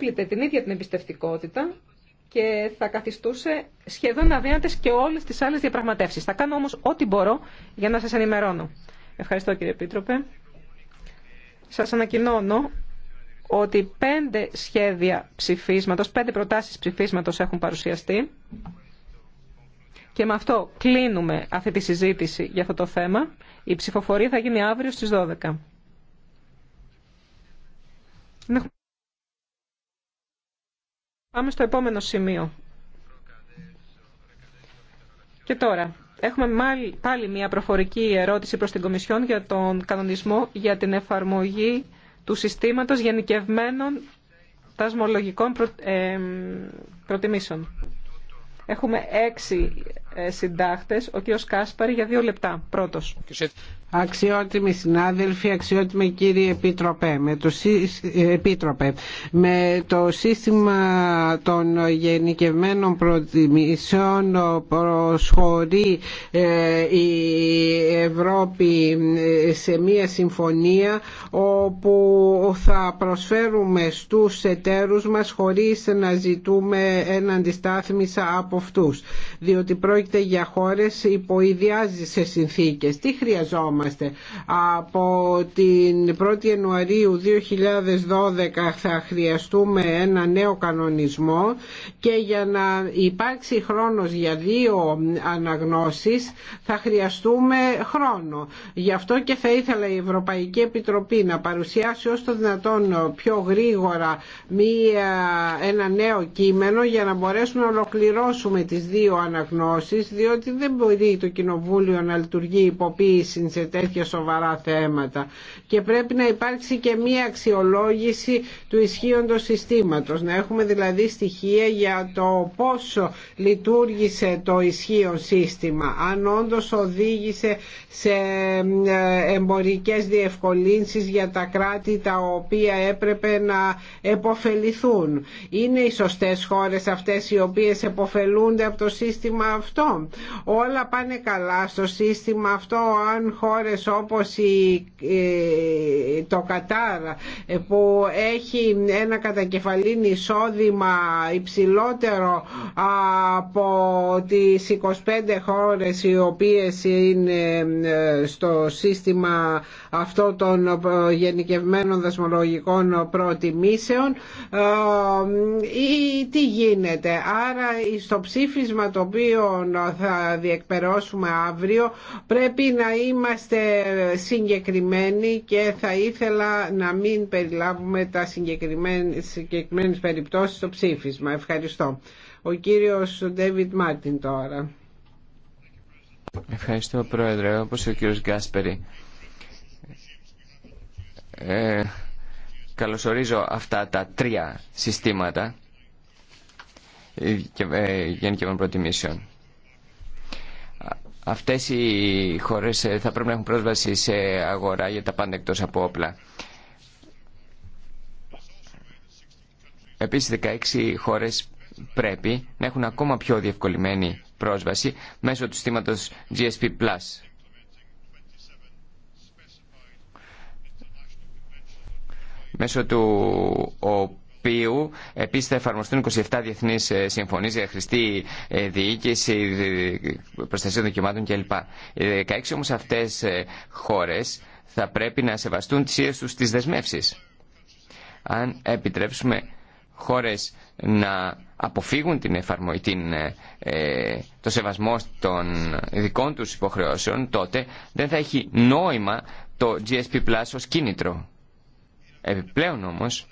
έπλητε την ίδια την εμπιστευτικότητα και θα καθιστούσε σχεδόν αδύνατες και όλες τις άλλες διαπραγματεύσεις. Θα κάνω όμως ό,τι μπορώ για να σας ενημερώνω. Ευχαριστώ κύριε Επίτροπε. Σας ανακοινώνω ότι πέντε σχέδια ψηφίσματος, πέντε προτάσεις ψηφίσματος έχουν παρουσιαστεί και με αυτό κλείνουμε αυτή τη συζήτηση για αυτό το θέμα. Η ψηφοφορία θα γίνει αύριο στις 12. Πάμε στο επόμενο σημείο. Και τώρα, έχουμε πάλι μια προφορική ερώτηση προς την Κομισιόν για τον κανονισμό για την εφαρμογή του συστήματος γενικευμένων τασμολογικών ε, προτιμήσεων. Έχουμε έξι ε, συντάχτες. Ο κύριος Κάσπαρη για δύο λεπτά. Πρώτος. Αξιότιμοι συνάδελφοι, αξιότιμοι κύριοι επίτροπε, με το, ε, επίτροπε, με το σύστημα των γενικευμένων προτιμήσεων προσχωρεί ε, η Ευρώπη σε μία συμφωνία όπου θα προσφέρουμε στους εταίρους μας χωρίς να ζητούμε έναν αντιστάθμισα από αυτούς διότι πρόκειται για χώρες υποειδιάζει σε συνθήκες. Τι χρειαζόμαστε από την 1η Ιανουαρίου 2012 θα χρειαστούμε ένα νέο κανονισμό και για να υπάρξει χρόνος για δύο αναγνώσεις θα χρειαστούμε χρόνο. Γι' αυτό και θα ήθελα η Ευρωπαϊκή Επιτροπή να παρουσιάσει όσο το δυνατόν πιο γρήγορα μία, ένα νέο κείμενο για να μπορέσουμε να ολοκληρώσουμε με τις δύο αναγνώσεις διότι δεν μπορεί το Κοινοβούλιο να λειτουργεί υποποίηση σε τέτοια σοβαρά θέματα και πρέπει να υπάρξει και μία αξιολόγηση του ισχύοντος συστήματος να έχουμε δηλαδή στοιχεία για το πόσο λειτουργήσε το ισχύον σύστημα αν όντως οδήγησε σε εμπορικές διευκολύνσεις για τα κράτη τα οποία έπρεπε να επωφεληθούν είναι οι σωστές χώρες αυτές οι οποίες εποφελούν ωφελούνται από το σύστημα αυτό. Όλα πάνε καλά στο σύστημα αυτό αν χώρες όπως η, ε, το Κατάρ ε, που έχει ένα κατακεφαλήν εισόδημα υψηλότερο από τις 25 χώρες οι οποίες είναι ε, στο σύστημα αυτό των γενικευμένων δασμολογικών προτιμήσεων ή τι γίνεται. Άρα στο το ψήφισμα το οποίο θα διεκπερώσουμε αύριο πρέπει να είμαστε συγκεκριμένοι και θα ήθελα να μην περιλάβουμε τα συγκεκριμένες περιπτώσεις στο ψήφισμα. Ευχαριστώ. Ο κύριος Ντέβιτ Μάρτιν τώρα. Ευχαριστώ Πρόεδρε, όπως ο κύριος Γκάσπερη. Ε, καλωσορίζω αυτά τα τρία συστήματα ε, ε, γενικευμένων προτιμήσεων. Αυτές οι χώρες ε, θα πρέπει να έχουν πρόσβαση σε αγορά για τα πάντα εκτός από όπλα. Επίσης 16 χώρες πρέπει να έχουν ακόμα πιο διευκολυμένη πρόσβαση μέσω του στήματος GSP+. Μέσω του οποίου επίσης θα εφαρμοστούν 27 διεθνείς ε, συμφωνίες για χρηστή ε, διοίκηση, προστασία δοκιμάτων κλπ. Οι ε, 16 όμως αυτές χώρες θα πρέπει να σεβαστούν τις ίδιες τους τις δεσμεύσεις. Αν επιτρέψουμε χώρες να αποφύγουν την εφαρμογή, την, το σεβασμό των δικών τους υποχρεώσεων, τότε δεν θα έχει νόημα το GSP Plus ως κίνητρο. Επιπλέον όμως,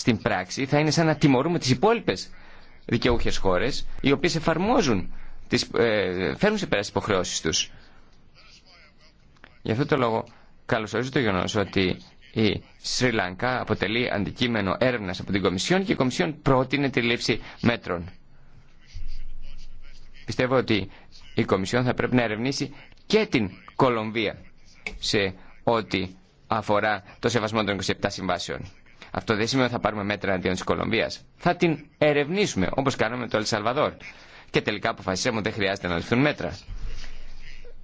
στην πράξη θα είναι σαν να τιμωρούμε τις υπόλοιπες δικαιούχες χώρες οι οποίες εφαρμόζουν, τις, ε, φέρνουν σε πέρα τις υποχρεώσεις τους. Γι' αυτό το λόγο καλωσορίζω το γεγονό ότι η Σρι Λάνκα αποτελεί αντικείμενο έρευνας από την Κομισιόν και η Κομισιόν πρότεινε τη λήψη μέτρων. Πιστεύω ότι η Κομισιόν θα πρέπει να ερευνήσει και την Κολομβία σε ό,τι αφορά το σεβασμό των 27 συμβάσεων. Αυτό δεν σημαίνει ότι θα πάρουμε μέτρα αντίον τη Κολομβία. Θα την ερευνήσουμε, όπω κάναμε με το Ελσαλβαδόρ. Και τελικά αποφασίσαμε ότι δεν χρειάζεται να ληφθούν μέτρα.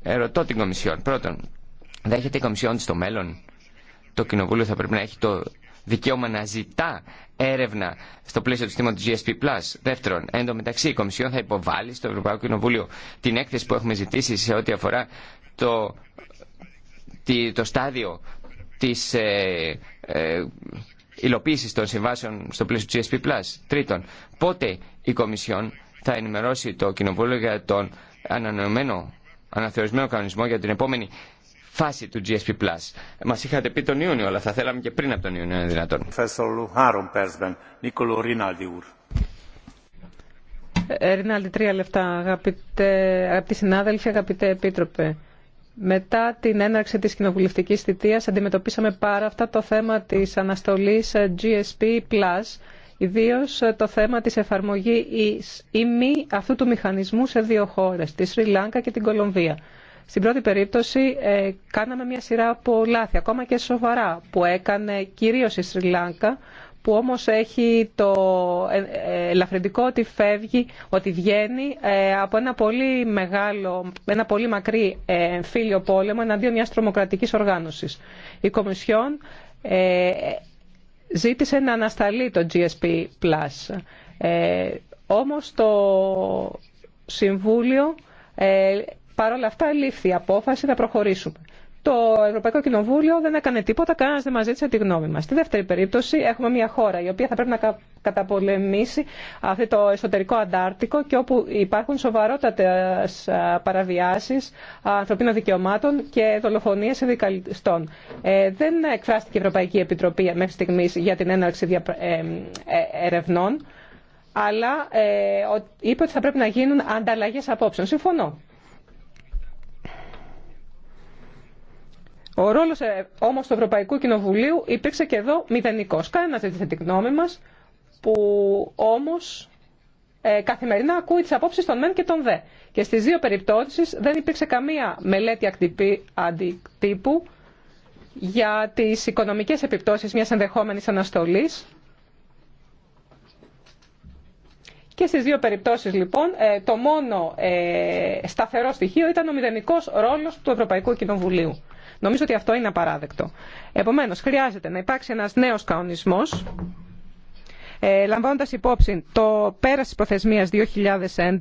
Ερωτώ την Κομισιόν. Πρώτον, δέχεται η Κομισιόν στο μέλλον. Το Κοινοβούλιο θα πρέπει να έχει το δικαίωμα να ζητά έρευνα στο πλαίσιο του συστήματο GSP. Δεύτερον, εν τω μεταξύ, η Κομισιόν θα υποβάλει στο Ευρωπαϊκό Κοινοβούλιο την έκθεση που έχουμε ζητήσει σε ό,τι αφορά το, το στάδιο της, ε, ε, υλοποίηση των συμβάσεων στο πλαίσιο του GSP+. Τρίτον, πότε η Κομισιόν θα ενημερώσει το Κοινοβούλιο για τον ανανεωμένο, αναθεωρισμένο κανονισμό για την επόμενη φάση του GSP+. Μας είχατε πει τον Ιούνιο, αλλά θα θέλαμε και πριν από τον Ιούνιο, είναι δυνατόν. Ρινάλντι, ε, τρία λεφτά. αγαπητοί συνάδελφοι, αγαπητέ επίτροπε. Μετά την έναρξη της κοινοβουλευτική θητείας αντιμετωπίσαμε πάρα αυτά το θέμα της αναστολής GSP+, ιδίως το θέμα της εφαρμογή ή μη αυτού του μηχανισμού σε δύο χώρες, τη Σρι Λάνκα και την Κολομβία. Στην πρώτη περίπτωση ε, κάναμε μια σειρά από λάθη, ακόμα και σοβαρά, που έκανε κυρίως η Σρι Λάνκα, που όμως έχει το ε, ε, ελαφρυντικό ότι φεύγει, ότι βγαίνει ε, από ένα πολύ μεγάλο, ένα πολύ μακρύ φίλιο πόλεμο εναντίον μιας τρομοκρατικής οργάνωσης. Η Κομισιόν ζήτησε να ανασταλεί το GSP+. Ε, όμως το Συμβούλιο παρόλα αυτά λήφθη η απόφαση να προχωρήσουμε. Το Ευρωπαϊκό Κοινοβούλιο δεν έκανε τίποτα, κανένα δεν μα ζήτησε τη γνώμη μα. Στη δεύτερη περίπτωση έχουμε μια χώρα η οποία θα πρέπει να καταπολεμήσει αυτό το εσωτερικό αντάρτικο και όπου υπάρχουν σοβαρότατε παραβιάσει ανθρωπίνων δικαιωμάτων και δολοφονίε συνδικαλιστών. Ε, δεν εκφράστηκε η Ευρωπαϊκή Επιτροπή μέχρι στιγμή για την έναρξη ε, ε, ερευνών αλλά ε, είπε ότι θα πρέπει να γίνουν ανταλλαγέ απόψεων. Συμφωνώ. Ο ρόλος ε, όμως του Ευρωπαϊκού Κοινοβουλίου υπήρξε και εδώ μηδενικό. Κανένα δεν θέτει γνώμη μας, που όμως ε, καθημερινά ακούει τι απόψεις των μεν και των δε. Και στις δύο περιπτώσεις δεν υπήρξε καμία μελέτη αντιτύπου για τις οικονομικές επιπτώσεις μιας ενδεχόμενη αναστολής. Και στις δύο περιπτώσεις λοιπόν ε, το μόνο σταθερό στοιχείο ήταν ο μηδενικός ρόλος του Ευρωπαϊκού Κοινοβουλίου. Νομίζω ότι αυτό είναι απαράδεκτο. Επομένω, χρειάζεται να υπάρξει ένα νέο κανονισμό, ε, λαμβάνοντα υπόψη το πέρα τη προθεσμία 2011,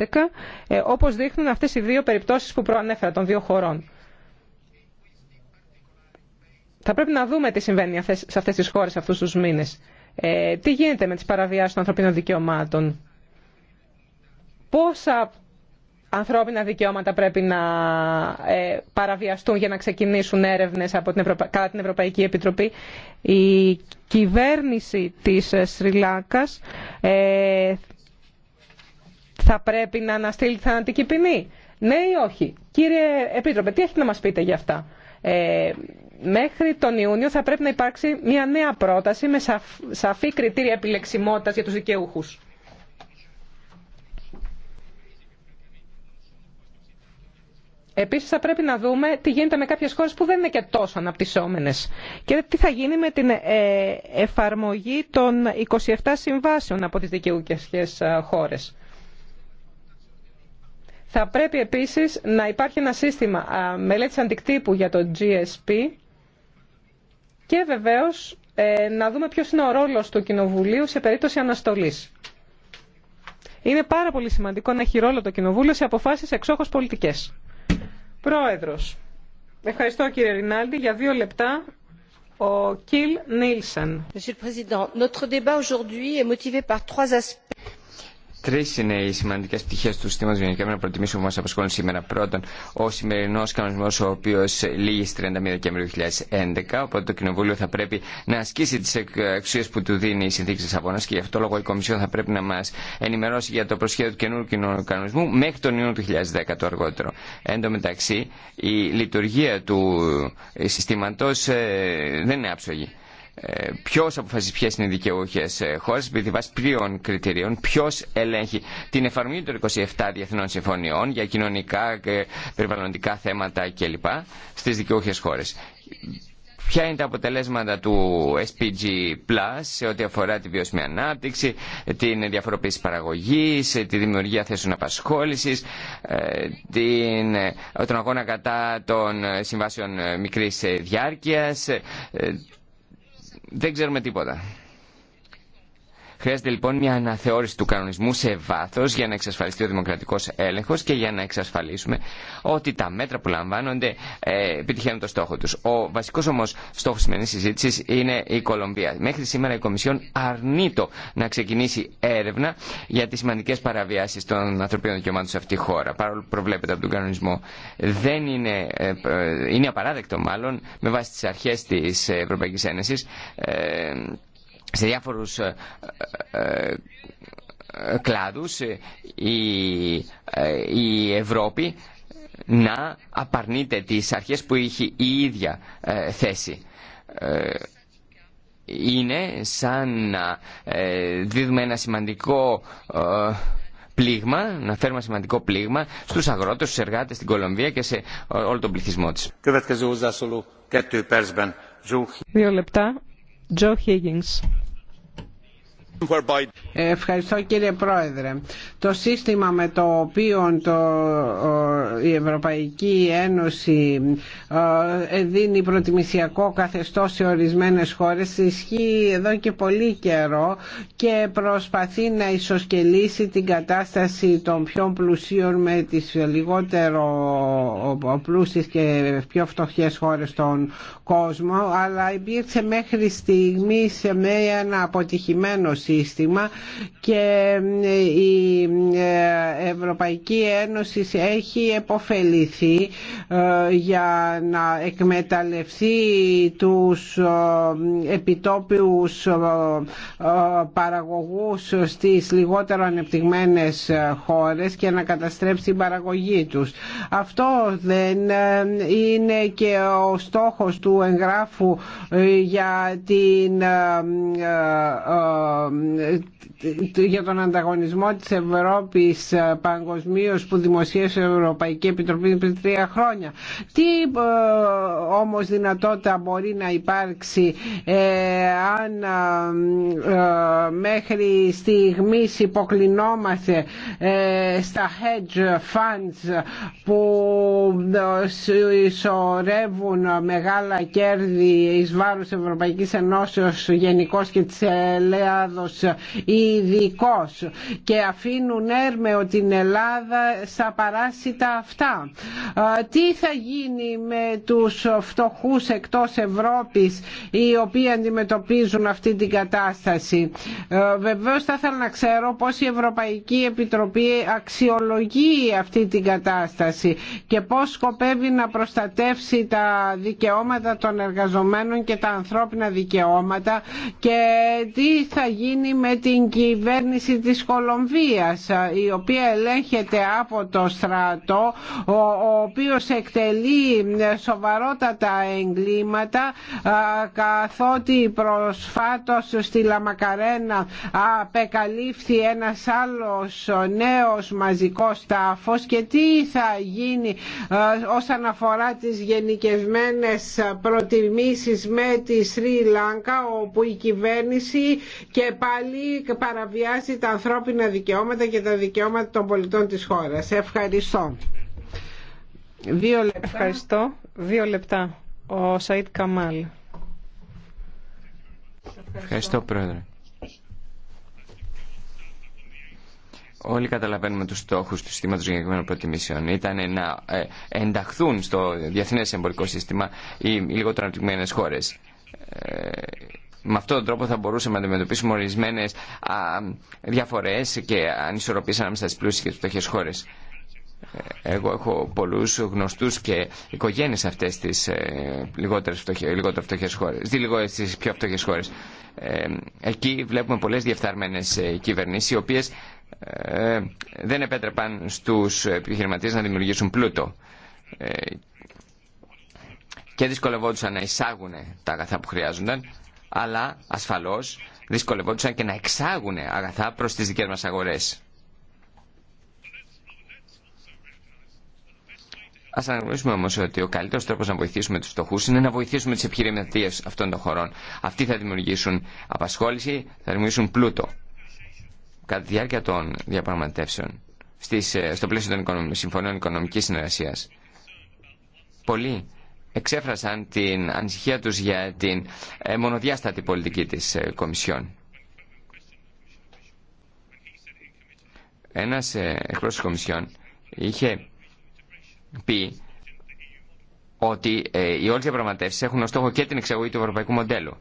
ε, όπω δείχνουν αυτέ οι δύο περιπτώσει που προανέφερα των δύο χωρών. Θα πρέπει να δούμε τι συμβαίνει σε αυτέ τι χώρε αυτού του μήνε. Ε, τι γίνεται με τι παραβιάσει των ανθρωπίνων δικαιωμάτων. Πόσα ανθρώπινα δικαιώματα πρέπει να ε, παραβιαστούν για να ξεκινήσουν έρευνες από την κατά την Ευρωπαϊκή Επιτροπή. Η κυβέρνηση της ε, Σριλάκας ε, θα πρέπει να αναστείλει θανατική ποινή. Ναι ή όχι. Κύριε Επίτροπε, τι έχετε να μας πείτε για αυτά. Ε, μέχρι τον Ιούνιο θα πρέπει να υπάρξει μια νέα πρόταση με σαφή κριτήρια επιλεξιμότητας για τους δικαιούχους. Επίσης θα πρέπει να δούμε τι γίνεται με κάποιες χώρες που δεν είναι και τόσο αναπτυσσόμενες και τι θα γίνει με την ε, εφαρμογή των 27 συμβάσεων από τις δικαιούχε ε, χώρε. Θα πρέπει επίσης να υπάρχει ένα σύστημα ε, μελέτης αντικτύπου για το GSP και βεβαίως να δούμε ποιο είναι ο ρόλος του Κοινοβουλίου σε περίπτωση αναστολής. Είναι πάρα πολύ σημαντικό να έχει ρόλο το Κοινοβούλιο σε αποφάσεις εξόχως πολιτικές. Πρόεδρος, ευχαριστώ κύριε Ρινάλντι. Για δύο λεπτά ο Κιλ Νίλσεν. Monsieur le Président, notre débat aujourd'hui est motivé par trois aspects. Τρει είναι οι σημαντικέ πτυχέ του συστήματο γενικά με να προτιμήσουμε που μα απασχολούν σήμερα. Πρώτον, ο σημερινό κανονισμό, ο οποίο λύγει στι 31 Δεκεμβρίου 2011, οπότε το Κοινοβούλιο θα πρέπει να ασκήσει τι εξουσίε που του δίνει η συνθήκη τη Αβώνα και γι' αυτό λόγο η Κομισιόν θα πρέπει να μα ενημερώσει για το προσχέδιο του καινούργου κοινωνικού κανονισμού μέχρι τον Ιούνιο του 2010 το αργότερο. Εν τω μεταξύ, η λειτουργία του συστήματο ε, δεν είναι άψογη. Ε, ποιο αποφασίζει ποιε είναι οι δικαιούχε ε, χώρε, επειδή βάσει ποιων κριτηρίων, ποιο ελέγχει την εφαρμογή των 27 διεθνών συμφωνιών για κοινωνικά και ε, περιβαλλοντικά θέματα κλπ. στι δικαιούχε χώρε. Ποια είναι τα αποτελέσματα του SPG Plus σε ό,τι αφορά τη βιώσιμη ανάπτυξη, την διαφοροποίηση παραγωγής, τη δημιουργία θέσεων απασχόλησης, την, τον αγώνα κατά των συμβάσεων μικρής διάρκειας, δεν ξέρουμε τίποτα. Χρειάζεται λοιπόν μια αναθεώρηση του κανονισμού σε βάθο για να εξασφαλιστεί ο δημοκρατικό έλεγχο και για να εξασφαλίσουμε ότι τα μέτρα που λαμβάνονται ε, επιτυχαίνουν το στόχο του. Ο βασικός όμως στόχος σημερινή συζήτηση είναι η Κολομβία. Μέχρι σήμερα η Κομισιόν το να ξεκινήσει έρευνα για τι σημαντικέ παραβιάσει των ανθρωπίνων δικαιωμάτων σε αυτή τη χώρα. Παρόλο που προβλέπεται από τον κανονισμό δεν είναι, ε, ε, είναι απαράδεκτο μάλλον με βάση τι αρχέ τη Ευρωπαϊκή Ένωση σε διάφορους ε, ε, ε, κλάδους η Ευρώπη να απαρνείται τις αρχές που έχει η ίδια θέση. Είναι σαν να δίδουμε ένα σημαντικό πλήγμα, να φέρουμε ένα σημαντικό πλήγμα στους αγρότες, στους εργάτες στην Κολομβία και σε όλο τον πληθυσμό της. Δύο λεπτά. Joe Higgins. Ευχαριστώ κύριε Πρόεδρε. Το σύστημα με το οποίο το, η Ευρωπαϊκή Ένωση δίνει προτιμησιακό καθεστώς σε ορισμένες χώρες ισχύει εδώ και πολύ καιρό και προσπαθεί να ισοσκελίσει την κατάσταση των πιο πλουσίων με τις λιγότερο πλούσιες και πιο φτωχές χώρες στον κόσμο αλλά υπήρξε μέχρι στιγμής σε ένα αποτυχημένο σύστημα και ε, η ε, Ευρωπαϊκή Ένωση έχει επωφεληθεί ε, για να εκμεταλλευτεί τους επιτόπιους παραγωγούς στις λιγότερο ανεπτυγμένες χώρες και να καταστρέψει την παραγωγή τους. Αυτό δεν είναι και ο στόχος του εγγράφου για την για τον ανταγωνισμό της Ευρώπης ε, παγκοσμίως που δημοσίευσε η Ευρωπαϊκή Επιτροπή πριν τρία χρόνια. Τι ε, όμως δυνατότητα μπορεί να υπάρξει ε, αν μέχρι στιγμής υποκλεινόμαστε στα hedge funds που ισορεύουν μεγάλα κέρδη εις βάρος Ευρωπαϊκής Ενώσεως γενικώ και της Ελλάδος ειδικό και αφήνουν έρμεο την Ελλάδα στα παράσιτα αυτά. Τι θα γίνει με τους φτωχούς εκτός Ευρώπης οι οποίοι αντιμετωπίζουν αυτή την κατάσταση. Βεβαίως θα ήθελα να ξέρω πώς η Ευρωπαϊκή Επιτροπή αξιολογεί αυτή την κατάσταση και πώς σκοπεύει να προστατεύσει τα δικαιώματα των εργαζομένων και τα ανθρώπινα δικαιώματα και τι θα γίνει γίνει με την κυβέρνηση της Κολομβίας η οποία ελέγχεται από το στρατό ο οποίος εκτελεί σοβαρότατα εγκλήματα καθότι προσφάτως στη Λαμακαρένα απεκαλύφθη ένας άλλος νέος μαζικός τάφος και τι θα γίνει όσον αφορά τις γενικευμένες προτιμήσεις με τη Σρι Λάνκα όπου η κυβέρνηση και πάλι παραβιάζει τα ανθρώπινα δικαιώματα και τα δικαιώματα των πολιτών της χώρας. Ευχαριστώ. Δύο λεπτά. Ευχαριστώ. Δύο λεπτά. Ο Σαΐτ Καμάλ. Ευχαριστώ, Πρόεδρε. Όλοι καταλαβαίνουμε τους στόχους του συστήματος γενικημένων προτιμήσεων. Ήταν να ε, ενταχθούν στο διεθνές εμπορικό σύστημα οι λιγότερο αναπτυγμένες χώρες. Ε, με αυτόν τον τρόπο θα μπορούσαμε να αντιμετωπίσουμε ορισμένε διαφορέ και ανισορροπίε ανάμεσα στι πλούσιε και τι φτωχέ χώρε. Εγώ έχω πολλού γνωστού και οικογένειε αυτές τι ε, λιγότερες φτωχε, χώρε. φτωχές χώρες, δι, πιο φτωχές χώρες. Ε, εκεί βλέπουμε πολλέ διεφθαρμένε ε, κυβερνήσει, οι οποίε ε, δεν επέτρεπαν στου επιχειρηματίε να δημιουργήσουν πλούτο. Ε, και δυσκολευόντουσαν να εισάγουν τα αγαθά που χρειάζονταν αλλά ασφαλώς δυσκολευόντουσαν και να εξάγουν αγαθά προς τις δικές μας αγορές. Α αναγνωρίσουμε όμω ότι ο καλύτερο τρόπο να βοηθήσουμε του φτωχού είναι να βοηθήσουμε τι επιχειρηματίε αυτών των χωρών. Αυτοί θα δημιουργήσουν απασχόληση, θα δημιουργήσουν πλούτο. Κατά τη διάρκεια των διαπραγματεύσεων, ε, στο πλαίσιο των συμφωνίων οικονομική συνεργασία, πολλοί εξέφρασαν την ανησυχία τους για την ε, μονοδιάστατη πολιτική της ε, Κομισιόν. Ένας ε, εκπρόσωπος της Κομισιόν είχε πει ότι οι όλες διαπραγματεύσεις έχουν ως στόχο και την εξαγωγή του ευρωπαϊκού μοντέλου.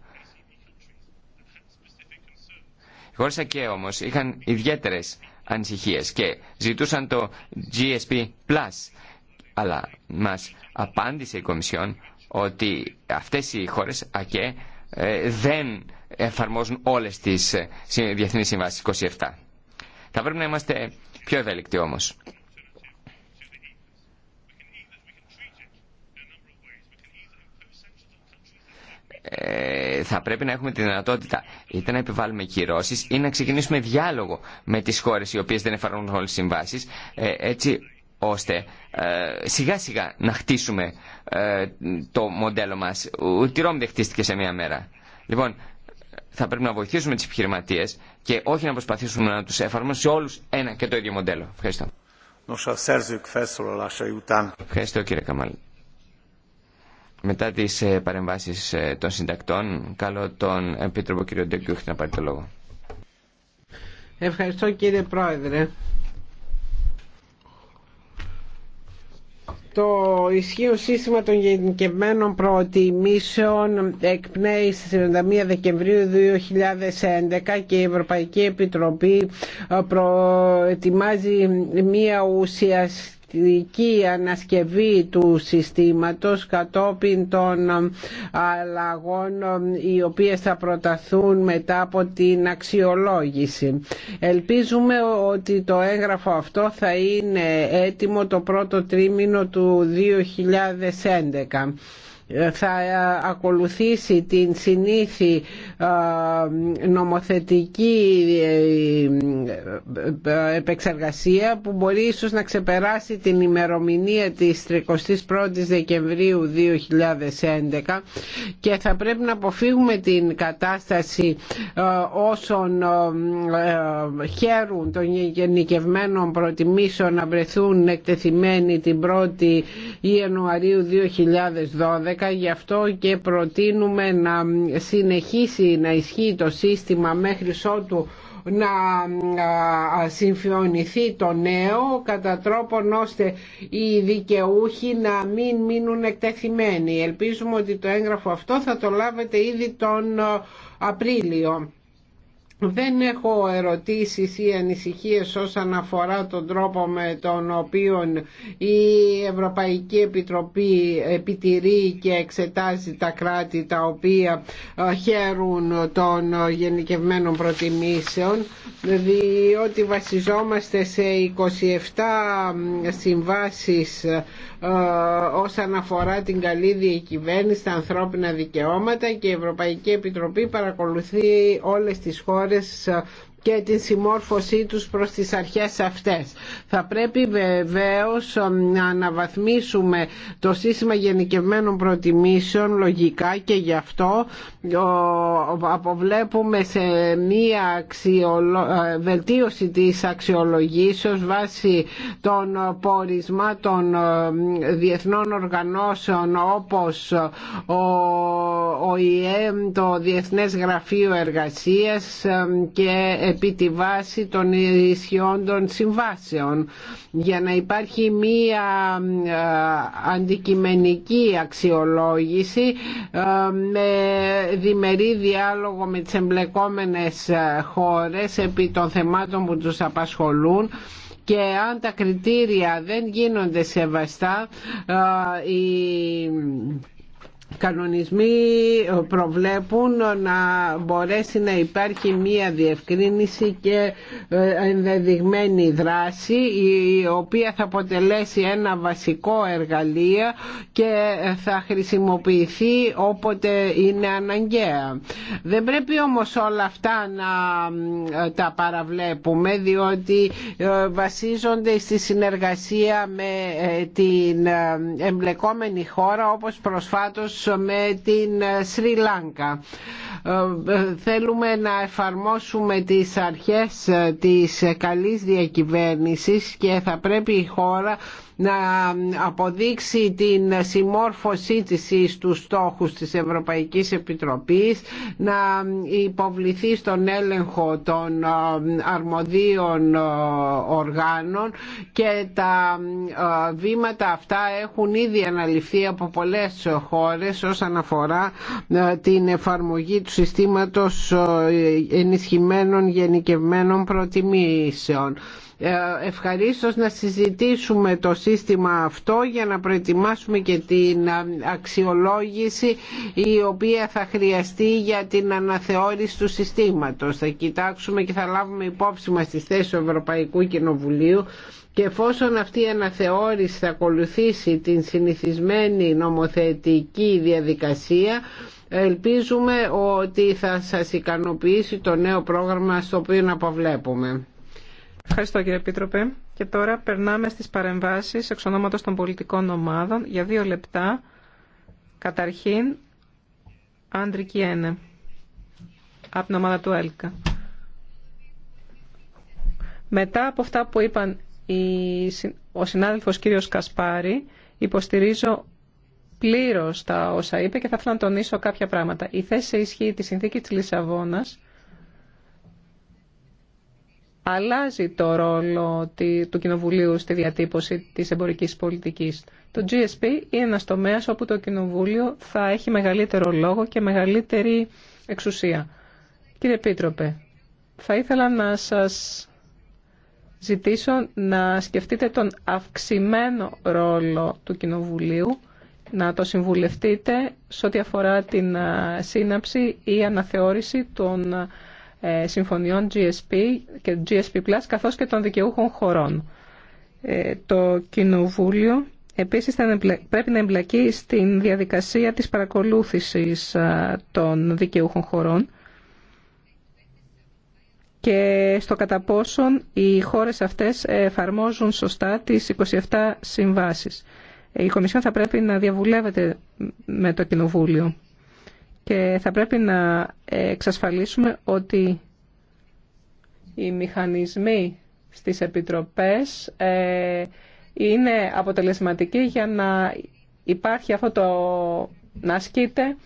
Οι χώρες ΑΚΕ όμως είχαν ιδιαίτερες ανησυχίες και ζητούσαν το GSP Plus αλλά μας απάντησε η Κομισιόν ότι αυτές οι χώρες ΑΚΕ ε, δεν εφαρμόζουν όλες τις ε, διεθνείς συμβάσεις 27. Θα πρέπει να είμαστε πιο ευέλικτοι όμως. Ε, θα πρέπει να έχουμε τη δυνατότητα είτε να επιβάλλουμε κυρώσεις ή να ξεκινήσουμε διάλογο με τις χώρες οι οποίες δεν εφαρμόζουν όλες τις συμβάσεις έτσι ώστε ε, σιγά σιγά να χτίσουμε ε, το μοντέλο μας. Ούτε η Ρώμη δεν χτίστηκε σε μία μέρα. Λοιπόν, θα πρέπει να βοηθήσουμε τις επιχειρηματίες και όχι να προσπαθήσουμε να τους εφαρμόσουμε σε όλους ένα και το ίδιο μοντέλο. Ευχαριστώ. Ευχαριστώ κύριε Καμάλ. Μετά τις ε, παρεμβάσεις των συντακτών, καλώ τον Επίτροπο κύριο Ντεγκούχτη να πάρει το λόγο. Ευχαριστώ κύριε Πρόεδρε. το ισχύον σύστημα των γενικευμένων προτιμήσεων εκπνέει στις 31 Δεκεμβρίου 2011 και η Ευρωπαϊκή Επιτροπή ε, προετοιμάζει μία ουσιαστική η ανασκευή του συστήματος κατόπιν των αλλαγών οι οποίες θα προταθούν μετά από την αξιολόγηση. Ελπίζουμε ότι το έγγραφο αυτό θα είναι έτοιμο το πρώτο τρίμηνο του 2011 θα ε, ακολουθήσει την συνήθη ε, νομοθετική ε, επεξεργασία που μπορεί ίσως να ξεπεράσει την ημερομηνία της 31ης Δεκεμβρίου 2011 και θα πρέπει να αποφύγουμε την κατάσταση όσων χαίρουν των γενικευμένων προτιμήσεων να βρεθούν εκτεθειμένοι την 1η Ιανουαρίου 2012 γι' αυτό και προτείνουμε να συνεχίσει να ισχύει το σύστημα μέχρι ότου να συμφιονηθεί το νέο κατά τρόπον ώστε οι δικαιούχοι να μην μείνουν εκτεθειμένοι. Ελπίζουμε ότι το έγγραφο αυτό θα το λάβετε ήδη τον Απρίλιο. Δεν έχω ερωτήσεις ή ανησυχίες όσον αφορά τον τρόπο με τον οποίο η Ευρωπαϊκή Επιτροπή επιτηρεί και εξετάζει τα κράτη τα οποία ε, χαίρουν των γενικευμένων προτιμήσεων διότι βασιζόμαστε σε 27 συμβάσεις ε, όσον αφορά την καλή διακυβέρνηση, τα ανθρώπινα δικαιώματα και η Ευρωπαϊκή Επιτροπή παρακολουθεί όλες τις χώρες χώρες και την συμμόρφωσή τους προς τις αρχές αυτές. Θα πρέπει βεβαίως ε, να αναβαθμίσουμε το σύστημα γενικευμένων προτιμήσεων λογικά και γι' αυτό αποβλέπουμε σε μία αξιολο... Ε, βελτίωση της αξιολογήσεως βάση των των ε, διεθνών οργανώσεων όπως ο ΙΕΜ, το Διεθνές Γραφείο Εργασίας και επί τη βάση των των συμβάσεων για να υπάρχει μία ε, αντικειμενική αξιολόγηση ε, με διμερή διάλογο με τις εμπλεκόμενες χώρες επί των θεμάτων που τους απασχολούν και αν τα κριτήρια δεν γίνονται σεβαστά ε, κανονισμοί προβλέπουν να μπορέσει να υπάρχει μία διευκρίνηση και ε, ενδεδειγμένη δράση η οποία θα αποτελέσει ένα βασικό εργαλείο και θα χρησιμοποιηθεί όποτε είναι αναγκαία. Δεν πρέπει όμως όλα αυτά να ε, τα παραβλέπουμε διότι ε, βασίζονται στη συνεργασία με την εμπλεκόμενη χώρα όπως προσφάτως με την Σρι Λάγκα. Ε, θέλουμε να εφαρμόσουμε τις αρχές ε, της καλής διακυβέρνησης και θα πρέπει η χώρα να αποδείξει την συμμόρφωσή της στους στόχους της Ευρωπαϊκής Επιτροπής να υποβληθεί στον έλεγχο των ε, αρμοδίων οργάνων και τα βήματα αυτά έχουν ήδη αναλυφθεί από πολλές χώρες όσον αφορά την εφαρμογή του συστήματος ε, ενισχυμένων γενικευμένων προτιμήσεων. Ε, ευχαρίστως να συζητήσουμε το σύστημα αυτό για να προετοιμάσουμε και την ε, αξιολόγηση η οποία θα χρειαστεί για την αναθεώρηση του συστήματος. Θα κοιτάξουμε και θα λάβουμε υπόψη μας τις θέσεις του Ευρωπαϊκού Κοινοβουλίου και εφόσον αυτή η αναθεώρηση θα ακολουθήσει την συνηθισμένη νομοθετική διαδικασία Ελπίζουμε ότι θα σας ικανοποιήσει το νέο πρόγραμμα στο οποίο να αποβλέπουμε. Ευχαριστώ κύριε Επίτροπε. Και τώρα περνάμε στις παρεμβάσεις εξ ονόματος των πολιτικών ομάδων για δύο λεπτά. Καταρχήν, Άντρη Κιένε, από την ομάδα του ΕΛΚΑ. Μετά από αυτά που είπαν ο συνάδελφος κύριος Κασπάρη, υποστηρίζω πλήρως τα όσα είπε και θα ήθελα να τονίσω κάποια πράγματα. Η θέση σε ισχύ της συνθήκη τη Λισαβόνας αλλάζει το ρόλο του Κοινοβουλίου στη διατύπωση της εμπορική πολιτικής. Το GSP είναι ένα τομέας όπου το Κοινοβούλιο θα έχει μεγαλύτερο λόγο και μεγαλύτερη εξουσία. Κύριε Πίτροπε, θα ήθελα να σας ζητήσω να σκεφτείτε τον αυξημένο ρόλο του Κοινοβουλίου να το συμβουλευτείτε σε ό,τι αφορά την ε, σύναψη ή αναθεώρηση των ε, συμφωνιών GSP και GSP+, καθώς και των δικαιούχων χωρών. Ε, το Κοινοβούλιο επίσης πρέπει να εμπλακεί στην διαδικασία της παρακολούθησης των δικαιούχων χωρών και στο κατά πόσον οι χώρες αυτές εφαρμόζουν σωστά τις 27 συμβάσεις η Κομισιόν θα πρέπει να διαβουλεύεται με το Κοινοβούλιο και θα πρέπει να εξασφαλίσουμε ότι οι μηχανισμοί στις επιτροπές ε, είναι αποτελεσματικοί για να υπάρχει αυτό το να ασκείται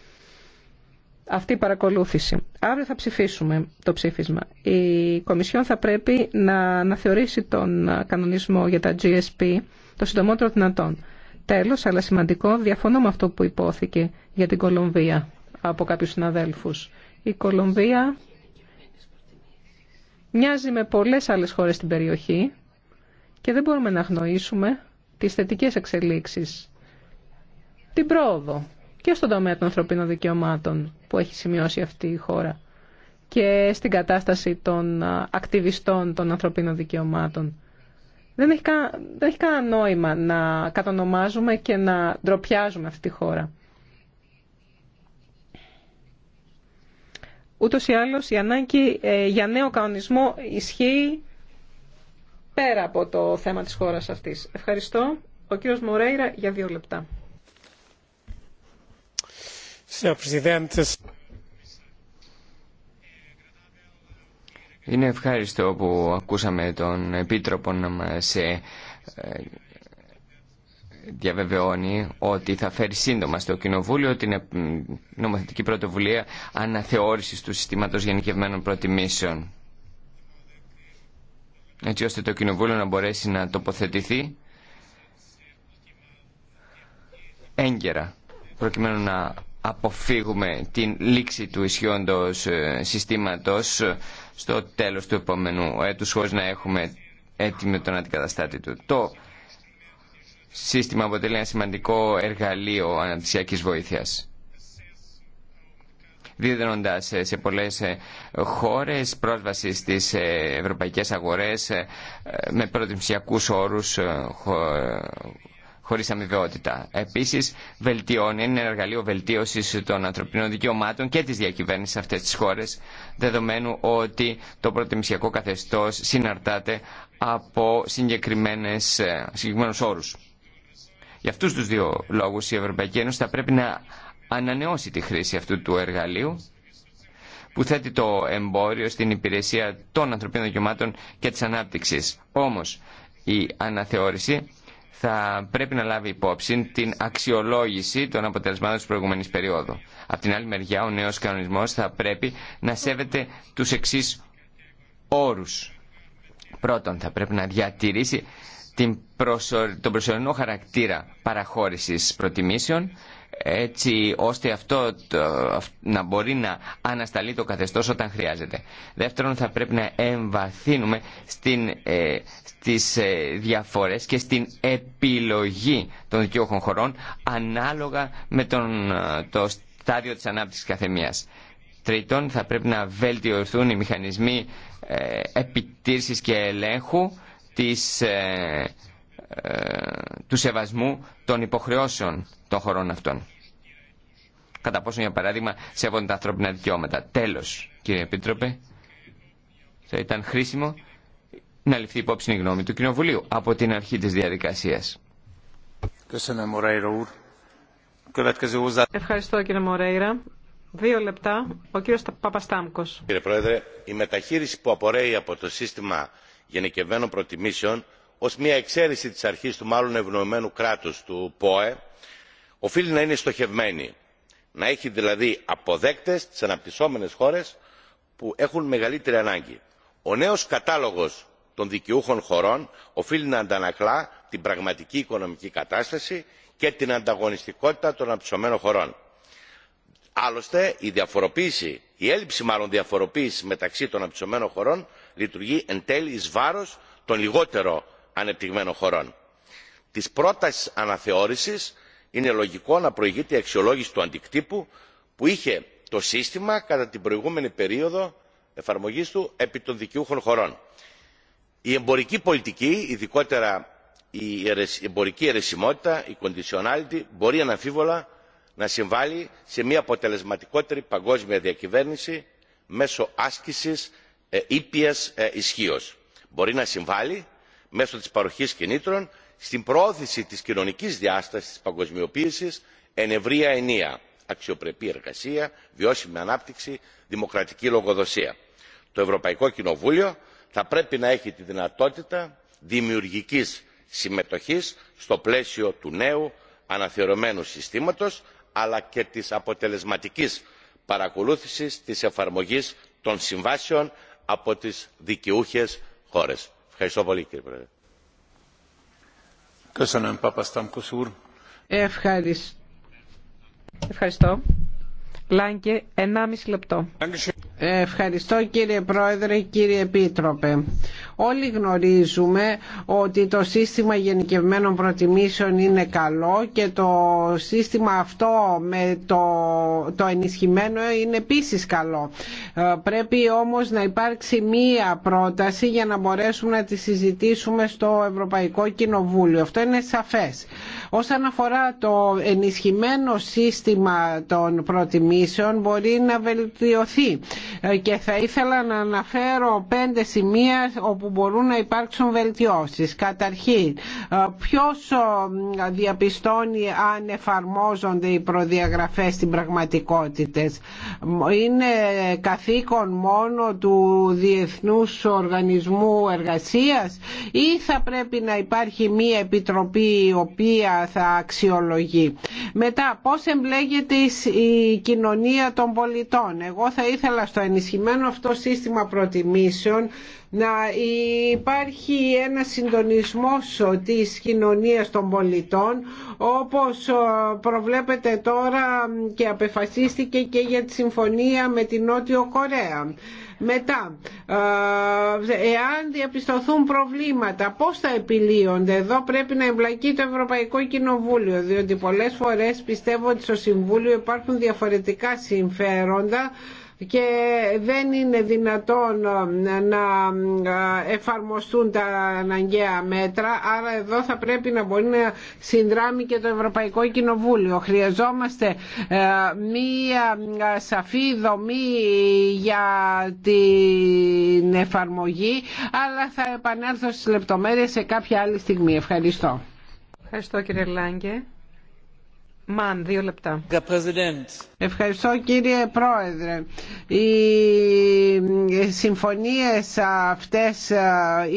αυτή η παρακολούθηση. Αύριο θα ψηφίσουμε το ψήφισμα. Η Κομισιόν θα πρέπει να, να θεωρήσει τον κανονισμό για τα GSP το συντομότερο δυνατόν. Τέλος, αλλά σημαντικό, διαφωνώ με αυτό που υπόθηκε για την Κολομβία από κάποιους συναδέλφους. Η Κολομβία μοιάζει με πολλές άλλες χώρες στην περιοχή και δεν μπορούμε να αγνοήσουμε τις θετικές εξελίξεις, την πρόοδο και στον τομέα των ανθρωπίνων δικαιωμάτων που έχει σημειώσει αυτή η χώρα και στην κατάσταση των ακτιβιστών των ανθρωπίνων δικαιωμάτων. Δεν έχει, κα, κανένα νόημα να κατονομάζουμε και να ντροπιάζουμε αυτή τη χώρα. Ούτως ή άλλως η ανάγκη ε, για νέο κανονισμό ισχύει πέρα από το θέμα της χώρας αυτής. Ευχαριστώ. Ο κύριος Μορέιρα για δύο λεπτά. Είναι ευχάριστο που ακούσαμε τον Επίτροπο να μας ε, ε, διαβεβαιώνει ότι θα φέρει σύντομα στο Κοινοβούλιο την ε, νομοθετική πρωτοβουλία αναθεώρησης του συστήματος γενικευμένων προτιμήσεων. Έτσι ώστε το Κοινοβούλιο να μπορέσει να τοποθετηθεί έγκαιρα προκειμένου να αποφύγουμε την λήξη του ισχύοντος ε, συστήματος ε, στο τέλος του επόμενου έτους χωρίς να έχουμε έτοιμο τον αντικαταστάτη του. Το σύστημα αποτελεί ένα σημαντικό εργαλείο αναπτυσιακής βοήθειας δίδενοντας ε, σε πολλές χώρες πρόσβαση στις ευρωπαϊκές αγορές με προτιμησιακούς όρους χωρί αμοιβαιότητα. Επίση, βελτιώνει, είναι ένα εργαλείο βελτίωση των ανθρωπίνων δικαιωμάτων και τη διακυβέρνηση σε αυτέ τι χώρε, δεδομένου ότι το πρωτεμισιακό καθεστώ συναρτάται από ε, συγκεκριμένου όρου. Για αυτού του δύο λόγου, η Ευρωπαϊκή Ένωση θα πρέπει να ανανεώσει τη χρήση αυτού του εργαλείου που θέτει το εμπόριο στην υπηρεσία των ανθρωπίνων δικαιωμάτων και της ανάπτυξης. Όμως, η αναθεώρηση θα πρέπει να λάβει υπόψη την αξιολόγηση των αποτελεσμάτων τη προηγούμενη περίοδου. Απ' την άλλη μεριά, ο νέο κανονισμό θα πρέπει να σέβεται τους εξή όρου. Πρώτον, θα πρέπει να διατηρήσει την τον προσωρινό χαρακτήρα παραχώρησης προτιμήσεων έτσι ώστε αυτό να μπορεί να ανασταλεί το καθεστώς όταν χρειάζεται. Δεύτερον, θα πρέπει να εμβαθύνουμε στην, ε, ε διαφορές και στην επιλογή των δικαιούχων χωρών ανάλογα με τον, ε, το στάδιο της ανάπτυξης καθεμίας. Τρίτον, θα πρέπει να βελτιωθούν οι μηχανισμοί ε, και ελέγχου της, ε, ε, του σεβασμού των υποχρεώσεων των χωρών αυτών. Κατά πόσο, για παράδειγμα, σέβονται τα ανθρώπινα δικαιώματα. Τέλος, κύριε Επίτροπε, θα ήταν χρήσιμο να ληφθεί υπόψη η γνώμη του Κοινοβουλίου από την αρχή της διαδικασίας. Ευχαριστώ κύριε Μορέιρα. Δύο λεπτά, ο κύριος Παπαστάμκος. Κύριε Πρόεδρε, η μεταχείριση που απορρέει από το σύστημα γενικευμένων προτιμήσεων ω μια εξαίρεση τη αρχή του μάλλον ευνοημένου Κράτου, του ποε οφείλει να είναι στοχευμένη να έχει δηλαδή αποδέκτε στι αναπτυσσόμενε χώρε που έχουν μεγαλύτερη ανάγκη. ο νέο κατάλογο των δικαιούχων χωρών οφείλει να αντανακλά την πραγματική οικονομική κατάσταση και την ανταγωνιστικότητα των αναπτυσσομένων χωρών. άλλωστε η διαφοροποίηση η έλλειψη μάλλον διαφοροποίησης μεταξύ των αναπτυσσομένων χωρών λειτουργεί εν τέλει εις βάρος των λιγότερο ανεπτυγμένων χωρών. Τη πρόταση αναθεώρηση είναι λογικό να προηγείται η αξιολόγηση του αντικτύπου που είχε το σύστημα κατά την προηγούμενη περίοδο εφαρμογής του επί των δικαιούχων χωρών. Η εμπορική πολιτική, ειδικότερα η εμπορική αιρεσιμότητα, η conditionality, μπορεί αναμφίβολα να συμβάλλει σε μια αποτελεσματικότερη παγκόσμια διακυβέρνηση μέσω άσκηση. Ε, ήπιας ε, ισχύω, Μπορεί να συμβάλλει μέσω της παροχής κινήτρων στην προώθηση της κοινωνική διάσταση της παγκοσμιοποίησης εν ευρεία ενία. Αξιοπρεπή εργασία, βιώσιμη ανάπτυξη, δημοκρατική λογοδοσία. Το Ευρωπαϊκό Κοινοβούλιο θα πρέπει να έχει τη δυνατότητα δημιουργικής συμμετοχής στο πλαίσιο του νέου αναθεωρημένου συστήματος αλλά και τη αποτελεσματικής παρακολούθηση της εφαρμογή των συμβάσεων από τις δικαιούχες χώρες. Ευχαριστώ πολύ κύριε Πρόεδρε. Ευχαριστώ. Ευχαριστώ. Λάγκε, 1,5 λεπτό. Ευχαριστώ κύριε Πρόεδρε, κύριε Επίτροπε. Όλοι γνωρίζουμε ότι το σύστημα γενικευμένων προτιμήσεων είναι καλό και το σύστημα αυτό με το, το ενισχυμένο είναι επίσης καλό. Ε, πρέπει όμως να υπάρξει μία πρόταση για να μπορέσουμε να τη συζητήσουμε στο Ευρωπαϊκό Κοινοβούλιο. Αυτό είναι σαφές. Όσον αφορά το ενισχυμένο σύστημα των προτιμήσεων μπορεί να βελτιωθεί ε, και θα ήθελα να αναφέρω πέντε σημεία όπου που μπορούν να υπάρξουν βελτιώσεις. Καταρχήν, ε, ποιος ε, διαπιστώνει αν εφαρμόζονται οι προδιαγραφές στην πραγματικότητα. Είναι καθήκον μόνο του Διεθνούς Οργανισμού Εργασίας ή θα πρέπει να υπάρχει μία επιτροπή η οποία θα αξιολογεί. Μετά, πώς εμπλέγεται η κοινωνία των πολιτών. Εγώ θα ήθελα στο ενισχυμένο αυτό σύστημα προτιμήσεων να υπάρχει ένα συντονισμός της κοινωνίας των πολιτών όπως ε, προβλέπεται τώρα και απεφασίστηκε και για τη συμφωνία με την Νότιο Κορέα. Μετά, ε, εάν διαπιστωθούν προβλήματα, πώς θα επιλύονται. Εδώ πρέπει να εμπλακεί το Ευρωπαϊκό Κοινοβούλιο, διότι πολλές φορές πιστεύω ότι στο Συμβούλιο υπάρχουν διαφορετικά συμφέροντα και δεν είναι δυνατόν ε, να ε, εφαρμοστούν τα αναγκαία μέτρα άρα εδώ θα πρέπει να μπορεί να συνδράμει και το Ευρωπαϊκό Κοινοβούλιο. Χρειαζόμαστε ε, μία σαφή δομή για την εφαρμογή αλλά θα επανέλθω στις λεπτομέρειες σε κάποια άλλη στιγμή. Ευχαριστώ. Ευχαριστώ κύριε Λάγκε. Μαν, λεπτά. Ευχαριστώ κύριε Πρόεδρε. Οι συμφωνίες αυτές ε,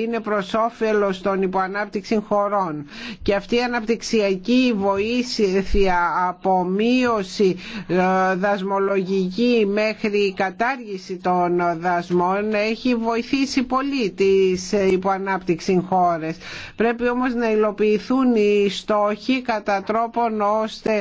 είναι προς όφελος των υποανάπτυξη χωρών και αυτή η αναπτυξιακή βοήθεια από μείωση ε, δασμολογική μέχρι κατάργηση των δασμών έχει βοηθήσει πολύ τις υποανάπτυξη χώρες. Πρέπει όμως να υλοποιηθούν οι στόχοι κατά τρόπον ώστε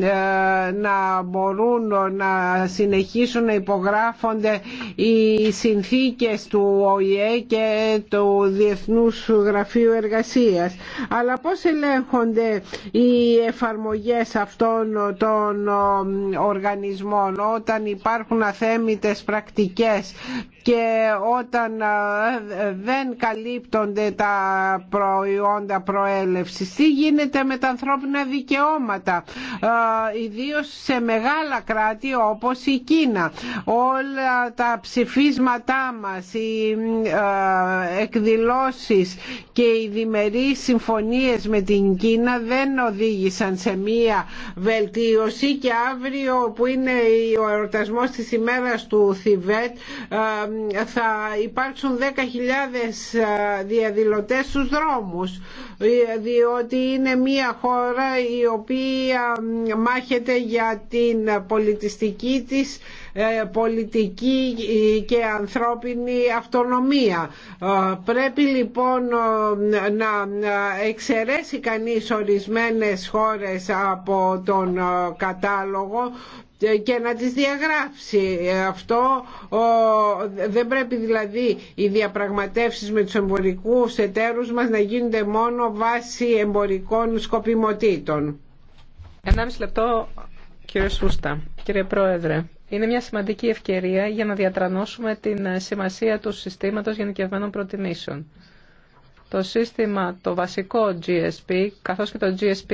ε, να μπορούν να συνεχίσουν να υπογράφονται οι συνθήκες του ΟΗΕ και του Διεθνούς Γραφείου Εργασίας. Αλλά πώς ελέγχονται οι εφαρμογές αυτών των ε, οργανισμών όταν υπάρχουν αθέμητες πρακτικές και όταν ε, δεν καλύπτονται τα προϊόντα προέλευσης τι γίνεται με τα ανθρώπινα δικαιώματα ε, ιδίως σε μεγάλα κράτη όπως η Κίνα όλα τα ψηφίσματά μας οι ε, εκδηλώσεις και οι διμερείς συμφωνίες με την Κίνα δεν οδήγησαν σε μία βελτίωση και αύριο που είναι ο εορτασμός της ημέρας του Θιβέτ θα υπάρξουν 10.000 ε, διαδηλωτές στους δρόμους ε, διότι είναι μια χώρα η οποία μάχεται για την πολιτιστική της ε, πολιτική και ανθρώπινη αυτονομία. Πρέπει λοιπόν να εξαιρέσει κανείς ορισμένες χώρες από τον κατάλογο και να τις διαγράψει. Ε, αυτό δεν πρέπει δηλαδή οι διαπραγματεύσεις με τους εμπορικούς εταίρους μας να γίνονται μόνο βάσει εμπορικών σκοπιμοτήτων. 1,5 λεπτό κύριε Σούστα. Κύριε Πρόεδρε, είναι μια σημαντική ευκαιρία για να διατρανώσουμε την σημασία του συστήματος γενικευμένων προτιμήσεων το σύστημα, το βασικό GSP, καθώς και το GSP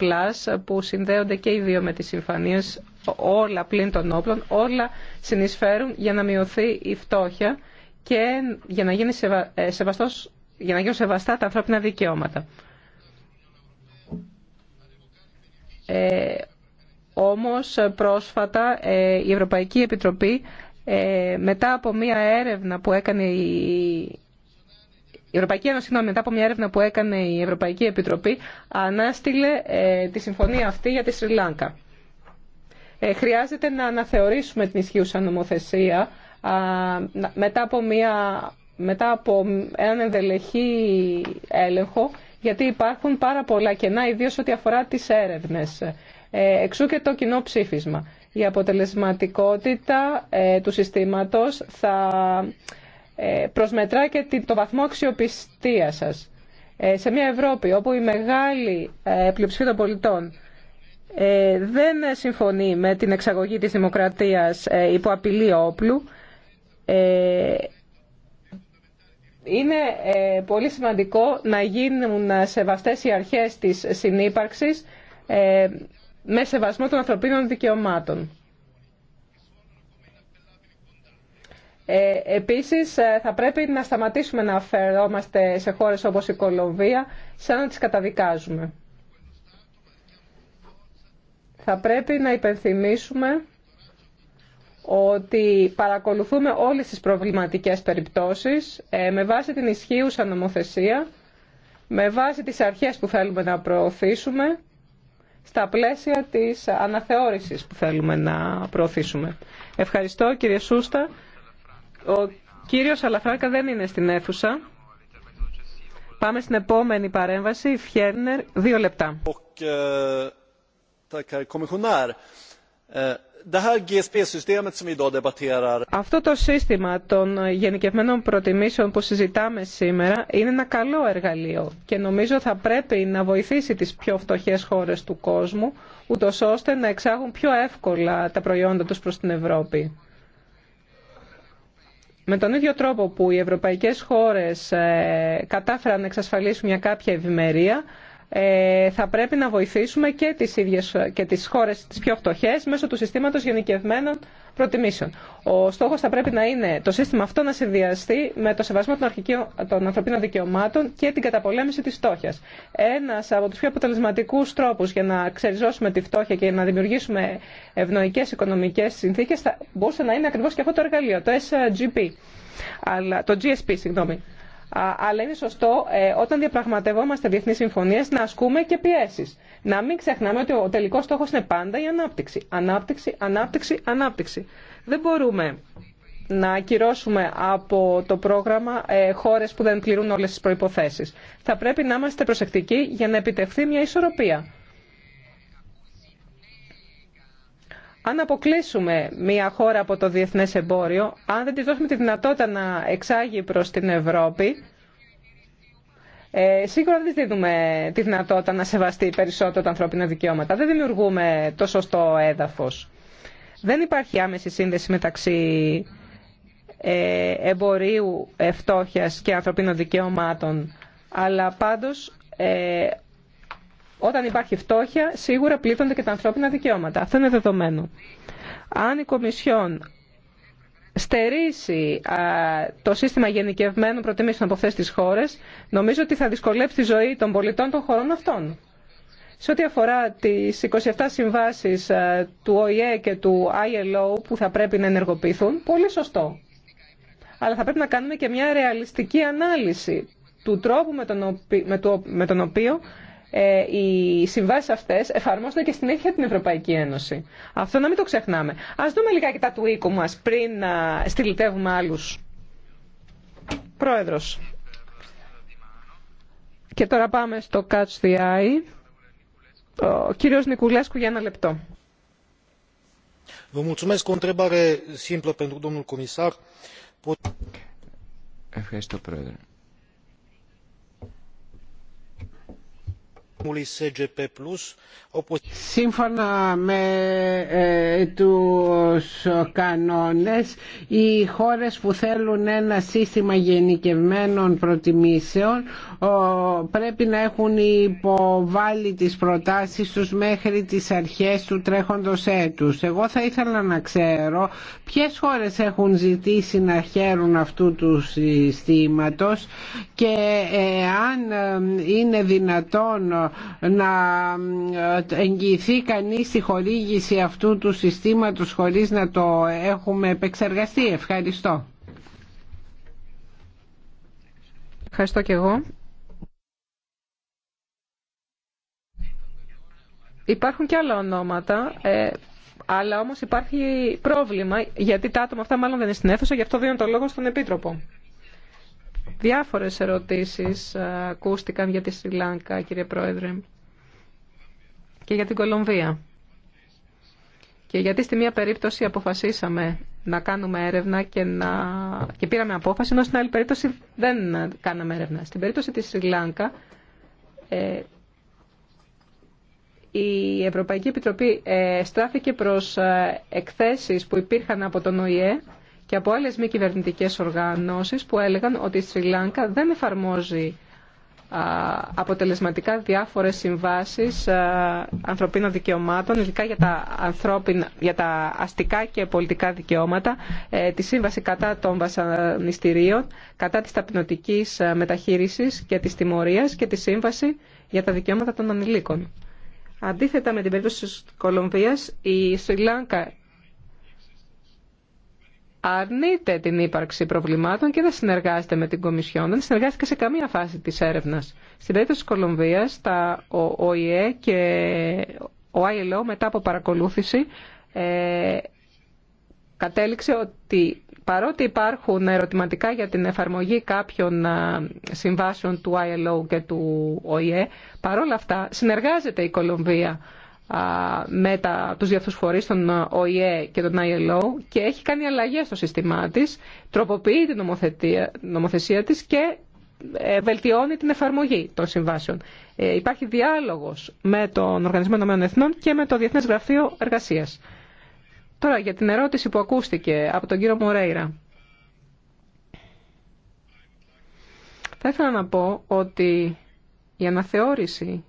Plus, που συνδέονται και οι δύο με τις συμφανίες, όλα πλην των όπλων, όλα συνεισφέρουν για να μειωθεί η φτώχεια και για να, γίνει ε, σεβαστός... για να γίνουν σεβαστά τα ανθρώπινα δικαιώματα. Ε, όμως πρόσφατα ε, η Ευρωπαϊκή Επιτροπή ε, μετά από μία έρευνα που έκανε η η Ευρωπαϊκή Ένωση, μετά από μια έρευνα που έκανε η Ευρωπαϊκή Επιτροπή, ανάστηλε ε, τη συμφωνία αυτή για τη Σρι ε, χρειάζεται να αναθεωρήσουμε την ισχύουσα νομοθεσία μετά από μια μετά από έναν ενδελεχή έλεγχο, γιατί υπάρχουν πάρα πολλά κενά, ιδίω ό,τι αφορά τι έρευνε. Ε, εξού και το κοινό ψήφισμα. Η αποτελεσματικότητα του συστήματος θα ε, προσμετρά και το βαθμό αξιοπιστία σας. Ε, σε μια Ευρώπη όπου η μεγάλη ε, πλειοψηφία των πολιτών δεν συμφωνεί με την εξαγωγή της δημοκρατίας υπό απειλή όπλου, είναι πολύ σημαντικό να γίνουν σεβαστές οι αρχές της συνύπαρξης με σεβασμό των ανθρωπίνων δικαιωμάτων. Ε, επίσης, ε, θα πρέπει να σταματήσουμε να αφαιρόμαστε σε χώρες όπως η Κολομβία, σαν να τις καταδικάζουμε. Θα πρέπει να υπενθυμίσουμε ότι παρακολουθούμε όλες τις προβληματικές περιπτώσεις ε, με βάση την ισχύουσα νομοθεσία, με βάση τις αρχές που θέλουμε να προωθήσουμε, στα πλαίσια της αναθεώρησης που θέλουμε να προωθήσουμε. Ευχαριστώ κύριε Σούστα. Ο κύριος Αλαφράκα δεν είναι στην αίθουσα. Πάμε στην επόμενη παρέμβαση. Φιέρνερ, δύο λεπτά. Αυτό το σύστημα των γενικευμένων προτιμήσεων που συζητάμε σήμερα είναι ένα καλό εργαλείο και νομίζω θα πρέπει να βοηθήσει τις πιο φτωχές χώρες του κόσμου ούτως ώστε να εξάγουν πιο εύκολα τα προϊόντα τους προς την Ευρώπη με τον ίδιο τρόπο που οι ευρωπαϊκές χώρες ε, κατάφεραν να εξασφαλίσουν μια κάποια ευημερία, ε, θα πρέπει να βοηθήσουμε και τις, ίδιες, και τις χώρες τις πιο φτωχές μέσω του συστήματος γενικευμένων προτιμήσεων. Ο στόχος θα πρέπει να είναι το σύστημα αυτό να συνδυαστεί με το σεβασμό των, των ανθρωπίνων δικαιωμάτων και την καταπολέμηση της φτώχειας. Ένας από τους πιο αποτελεσματικούς τρόπους για να ξεριζώσουμε τη φτώχεια και να δημιουργήσουμε ευνοϊκές οικονομικές συνθήκες θα μπορούσε να είναι ακριβώς και αυτό το εργαλείο, το SGP. Αλλά, το GSP, συγγνώμη αλλά είναι σωστό ε, όταν διαπραγματευόμαστε διεθνεί συμφωνίες να ασκούμε και πιέσεις. Να μην ξεχνάμε ότι ο τελικός στόχος είναι πάντα η ανάπτυξη. Ανάπτυξη, ανάπτυξη, ανάπτυξη. Δεν μπορούμε να ακυρώσουμε από το πρόγραμμα ε, χώρες που δεν πληρούν όλες τις προϋποθέσεις. Θα πρέπει να είμαστε προσεκτικοί για να επιτευχθεί μια ισορροπία. αν αποκλείσουμε μια χώρα από το διεθνές εμπόριο, αν δεν της δώσουμε τη δυνατότητα να εξάγει προς την Ευρώπη, ε, σίγουρα δεν της δίνουμε τη δυνατότητα να σεβαστεί περισσότερο τα ανθρώπινα δικαιώματα. Δεν δημιουργούμε το σωστό έδαφος. Δεν υπάρχει άμεση σύνδεση μεταξύ ε, εμπορίου ε, φτώχεια και ανθρωπίνων δικαιωμάτων. Αλλά πάντως ε, όταν υπάρχει φτώχεια, σίγουρα πλήττονται και τα ανθρώπινα δικαιώματα. Αυτό είναι δεδομένο. Αν η Κομισιόν στερήσει το σύστημα γενικευμένων προτιμήσεων από αυτέ τι χώρε, νομίζω ότι θα δυσκολεύσει τη ζωή των πολιτών των χωρών αυτών. Σε ό,τι αφορά τις 27 συμβάσει του ΟΗΕ και του ILO που θα πρέπει να ενεργοποιηθούν, πολύ σωστό. Αλλά θα πρέπει να κάνουμε και μια ρεαλιστική ανάλυση του τρόπου με τον, οποίο ε, οι συμβάσει αυτέ εφαρμόζονται και στην ίδια την Ευρωπαϊκή Ένωση. Αυτό να μην το ξεχνάμε. Α δούμε λιγάκι τα του οίκου μα πριν να στυλιτεύουμε άλλου. Πρόεδρο. Και τώρα πάμε στο Catch the Eye. Ο κύριο Νικουλέσκου για ένα λεπτό. Ευχαριστώ, Πρόεδρε. Σύμφωνα με του ε, τους κανόνες, οι χώρες που θέλουν ένα σύστημα γενικευμένων προτιμήσεων πρέπει να έχουν υποβάλει τις προτάσεις τους μέχρι τις αρχές του τρέχοντος έτους. Εγώ θα ήθελα να ξέρω ποιες χώρες έχουν ζητήσει να χαίρουν αυτού του συστήματος και ε, αν ε, είναι δυνατόν να ε, εγγυηθεί κανείς τη χορήγηση αυτού του συστήματος χωρίς να το έχουμε επεξεργαστεί. Ευχαριστώ. Ευχαριστώ και εγώ. Υπάρχουν και άλλα ονόματα, ε, αλλά όμως υπάρχει πρόβλημα γιατί τα άτομα αυτά μάλλον δεν είναι στην αίθουσα, γι' αυτό δίνω το λόγο στον Επίτροπο. Διάφορες ερωτήσεις ε, ακούστηκαν για τη Σιλάνκα, κύριε Πρόεδρε, και για την Κολομβία. Και γιατί στη μία περίπτωση αποφασίσαμε να κάνουμε έρευνα και, να... και πήραμε απόφαση, ενώ στην άλλη περίπτωση δεν κάναμε έρευνα. Στην περίπτωση της Σιλάνκα, ε, η Ευρωπαϊκή Επιτροπή ε, στράφηκε προς ε, εκθέσεις που υπήρχαν από τον ΟΗΕ και από άλλες μη κυβερνητικέ οργανώσεις που έλεγαν ότι η Σριλάνκα δεν εφαρμόζει αποτελεσματικά διάφορες συμβάσεις ανθρωπίνων δικαιωμάτων, ειδικά για τα, ανθρώπινα, για τα αστικά και πολιτικά δικαιώματα, ε, τη σύμβαση κατά των βασανιστήριων, κατά της ταπεινωτικής μεταχείρισης και της τιμωρίας και τη σύμβαση για τα δικαιώματα των ανηλίκων. Αντίθετα με την περίπτωση της Κολομβίας, η Σριλάνκα αρνείται την ύπαρξη προβλημάτων και δεν συνεργάζεται με την Κομισιόν. Δεν συνεργάστηκε σε καμία φάση της έρευνας. Στην περίπτωση της Κολομβίας, τα ΟΗΕ και ο ILO μετά από παρακολούθηση ε, κατέληξε ότι παρότι υπάρχουν ερωτηματικά για την εφαρμογή κάποιων συμβάσεων του ILO και του ΟΗΕ, παρόλα αυτά συνεργάζεται η Κολομβία με τα, τους φορεί φορείς, τον ΟΗΕ και τον ILO και έχει κάνει αλλαγές στο σύστημά της, τροποποιεί την νομοθεσία της και ε, βελτιώνει την εφαρμογή των συμβάσεων. Ε, υπάρχει διάλογος με τον Οργανισμό Εθνών και με το Διεθνές Γραφείο Εργασίας. Τώρα για την ερώτηση που ακούστηκε από τον κύριο Μορέιρα. Θα ήθελα να πω ότι η αναθεώρηση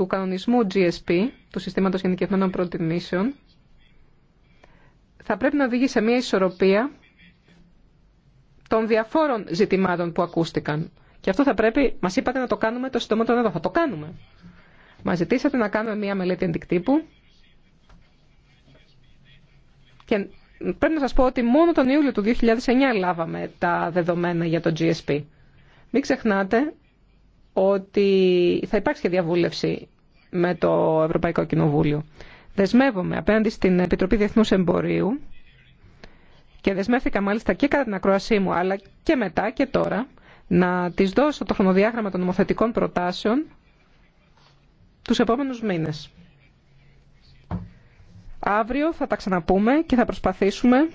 του κανονισμού GSP, του Συστήματος Γενικευμένων Προτιμήσεων, θα πρέπει να οδηγεί σε μια ισορροπία των διαφόρων ζητημάτων που ακούστηκαν. Και αυτό θα πρέπει, μα είπατε να το κάνουμε το συντομότερο εδώ. Θα το κάνουμε. Μα ζητήσατε να κάνουμε μια μελέτη αντικτύπου. Και πρέπει να σα πω ότι μόνο τον Ιούλιο του 2009 λάβαμε τα δεδομένα για το GSP. Μην ξεχνάτε ότι θα υπάρξει και διαβούλευση με το Ευρωπαϊκό Κοινοβούλιο. Δεσμεύομαι απέναντι στην Επιτροπή Διεθνού Εμπορίου και δεσμεύτηκα μάλιστα και κατά την ακρόασή μου, αλλά και μετά και τώρα, να τις δώσω το χρονοδιάγραμμα των νομοθετικών προτάσεων τους επόμενους μήνες. Αύριο θα τα ξαναπούμε και θα προσπαθήσουμε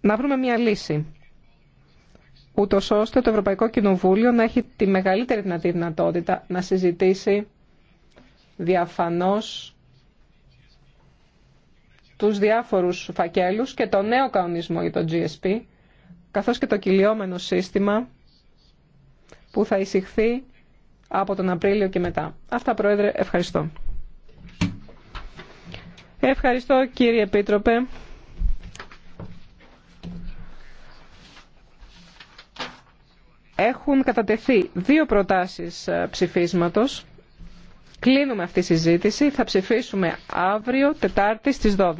να βρούμε μια λύση ούτω ώστε το Ευρωπαϊκό Κοινοβούλιο να έχει τη μεγαλύτερη δυνατή δυνατότητα να συζητήσει διαφανώς τους διάφορους φακέλους και το νέο κανονισμό για το GSP, καθώς και το κυλιόμενο σύστημα που θα εισηχθεί από τον Απρίλιο και μετά. Αυτά, Πρόεδρε, ευχαριστώ. Ευχαριστώ, κύριε Επίτροπε. Έχουν κατατεθεί δύο προτάσεις ε, ψηφίσματος. Κλείνουμε αυτή τη συζήτηση. Θα ψηφίσουμε αύριο, Τετάρτη, στις 12.